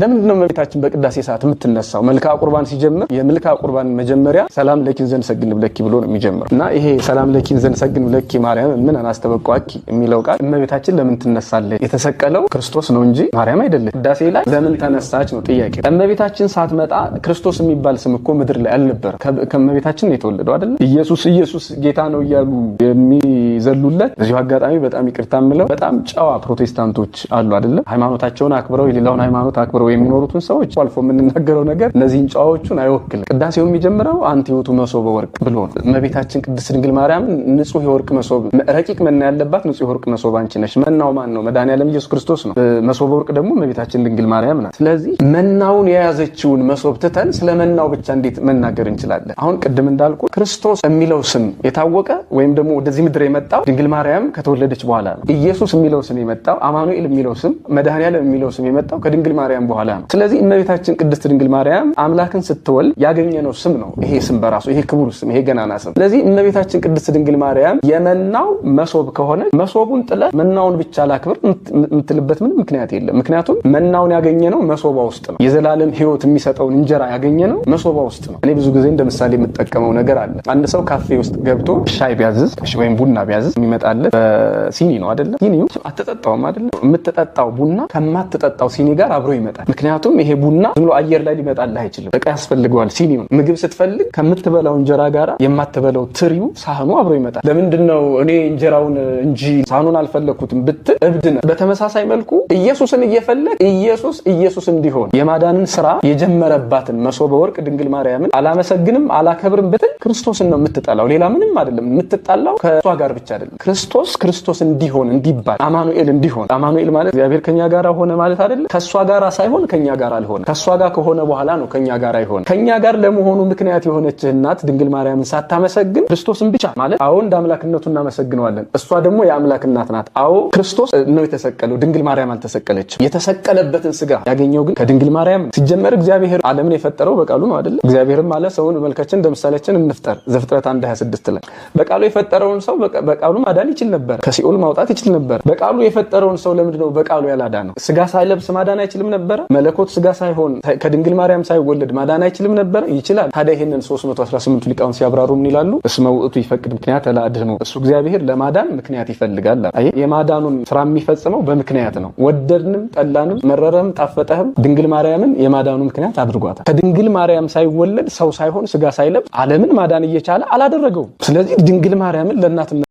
ለምንድን ነው እመቤታችን በቅዳሴ ሰዓት የምትነሳው? መልክዓ ቁርባን ሲጀምር የመልክዓ ቁርባን መጀመሪያ ሰላም ለኪን ዘን ሰግን ብለኪ ብሎ ነው የሚጀምረው እና ይሄ ሰላም ለኪን ዘን ሰግን ብለኪ ማርያም ምን አናስተበቋኪ የሚለው ቃል እመቤታችን ለምን ትነሳለች? የተሰቀለው ክርስቶስ ነው እንጂ ማርያም አይደለም። ቅዳሴ ላይ ለምን ተነሳች ነው ጥያቄ። እመቤታችን ሳትመጣ ክርስቶስ የሚባል ስም እኮ ምድር ላይ አልነበረ። ከእመቤታችን ነው የተወለደው አይደለም። ኢየሱስ ኢየሱስ ጌታ ነው እያሉ የሚዘሉለት እዚሁ አጋጣሚ በጣም ይቅርታ የምለው በጣም ጨዋ ፕሮቴስታንቶች አሉ አይደለም። ሃይማኖታቸውን አክብረው የሌላውን ሃይማኖት አክብረው ተቸግረው የሚኖሩትን ሰዎች አልፎ የምንናገረው ነገር እነዚህን ጨዋዎቹን አይወክልም። ቅዳሴው የሚጀምረው አንቲ መሶበ ወርቅ ብሎ ነው። እመቤታችን ቅድስት ድንግል ማርያምን ንጹህ የወርቅ መሶብ ረቂቅ መና ያለባት ንጹህ የወርቅ መሶብ አንቺ ነሽ። መናው ማን ነው? መድኃኔዓለም ኢየሱስ ክርስቶስ ነው። መሶበ ወርቅ ደግሞ እመቤታችን ድንግል ማርያም ናት። ስለዚህ መናውን የያዘችውን መሶብ ትተን ስለ መናው ብቻ እንዴት መናገር እንችላለን? አሁን ቅድም እንዳልኩ ክርስቶስ የሚለው ስም የታወቀ ወይም ደግሞ ወደዚህ ምድር የመጣው ድንግል ማርያም ከተወለደች በኋላ ነው። ኢየሱስ የሚለው ስም የመጣው አማኑኤል የሚለው ስም መድኃኔዓለም የሚለው ስም የመጣው ከድንግል ማርያም በኋላ ነው። ስለዚህ እመቤታችን ቅድስት ድንግል ማርያም አምላክን ስትወልድ ያገኘነው ስም ነው። ይሄ ስም በራሱ ይሄ ክቡር ስም፣ ይሄ ገናና ስም። ስለዚህ እመቤታችን ቅድስት ድንግል ማርያም የመናው መሶብ ከሆነ መሶቡን ጥለ መናውን ብቻ ላክብር የምትልበት ምንም ምክንያት የለም። ምክንያቱም መናውን ያገኘነው መሶባ ውስጥ ነው። የዘላለም ሕይወት የሚሰጠውን እንጀራ ያገኘነው መሶባ ውስጥ ነው። እኔ ብዙ ጊዜ እንደ ምሳሌ የምጠቀመው ነገር አለ። አንድ ሰው ካፌ ውስጥ ገብቶ ሻይ ቢያዝዝ ወይም ቡና ቢያዝዝ የሚመጣለት በሲኒ ነው አደለም? ሲኒው አትጠጣውም አደለም? የምትጠጣው ቡና ከማትጠጣው ሲኒ ጋር አብሮ ይመጣል። ምክንያቱም ይሄ ቡና ዝም ብሎ አየር ላይ ሊመጣልህ አይችልም። እቃ ያስፈልገዋል። ሲኒ ምግብ ስትፈልግ ከምትበላው እንጀራ ጋር የማትበላው ትሪው ሳህኑ አብሮ ይመጣል። ለምንድን ነው እኔ እንጀራውን እንጂ ሳህኑን አልፈለግኩትም ብትል እብድ ነህ። በተመሳሳይ መልኩ ኢየሱስን እየፈለግ ኢየሱስ ኢየሱስ እንዲሆን የማዳንን ስራ የጀመረባትን መሶበ ወርቅ ድንግል ማርያምን አላመሰግንም አላከብርም ብትል ክርስቶስን ነው የምትጠላው፣ ሌላ ምንም አይደለም። የምትጣላው ከእሷ ጋር ብቻ አይደለም። ክርስቶስ ክርስቶስ እንዲሆን እንዲባል አማኑኤል እንዲሆን አማኑኤል ማለት እግዚአብሔር ከኛ ጋር ሆነ ማለት አይደለም። ከእሷ ጋር ሳይሆን ሳይሆን ከኛ ጋር አልሆነ ከእሷ ጋር ከሆነ በኋላ ነው ከኛ ጋር አይሆነ። ከኛ ጋር ለመሆኑ ምክንያት የሆነች እናት ድንግል ማርያምን ሳታመሰግን ክርስቶስን ብቻ ማለት አዎ፣ እንደ አምላክነቱ እናመሰግነዋለን። እሷ ደግሞ የአምላክ እናት ናት። አዎ፣ ክርስቶስ ነው የተሰቀለው፣ ድንግል ማርያም አልተሰቀለችም። የተሰቀለበትን ስጋ ያገኘው ግን ከድንግል ማርያም ነው። ሲጀመር እግዚአብሔር ዓለምን የፈጠረው በቃሉ ነው አይደለም። እግዚአብሔርም አለ ሰውን በመልካችን እንደ ምሳሌያችን እንፍጠር ዘፍጥረት 1 26 ላይ በቃሉ የፈጠረውን ሰው በቃሉ ማዳን ይችል ነበር፣ ከሲኦል ማውጣት ይችል ነበር። በቃሉ የፈጠረውን ሰው ለምንድነው በቃሉ ያላዳ ነው? ስጋ ሳይለብስ ማዳን አይችልም ነበረ? መለኮት ስጋ ሳይሆን ከድንግል ማርያም ሳይወለድ ማዳን አይችልም ነበር? ይችላል። ታዲያ ይህንን 318 ሊቃውን ሲያብራሩ ምን ይላሉ? እስመ ውእቱ ይፈቅድ ምክንያት ለአድኅኖ ነው። እሱ እግዚአብሔር ለማዳን ምክንያት ይፈልጋል። የማዳኑን ስራ የሚፈጽመው በምክንያት ነው። ወደድንም፣ ጠላንም፣ መረረም ጣፈጠህም ድንግል ማርያምን የማዳኑ ምክንያት አድርጓታል። ከድንግል ማርያም ሳይወለድ ሰው ሳይሆን ስጋ ሳይለብስ ዓለምን ማዳን እየቻለ አላደረገውም። ስለዚህ ድንግል ማርያምን ለእናት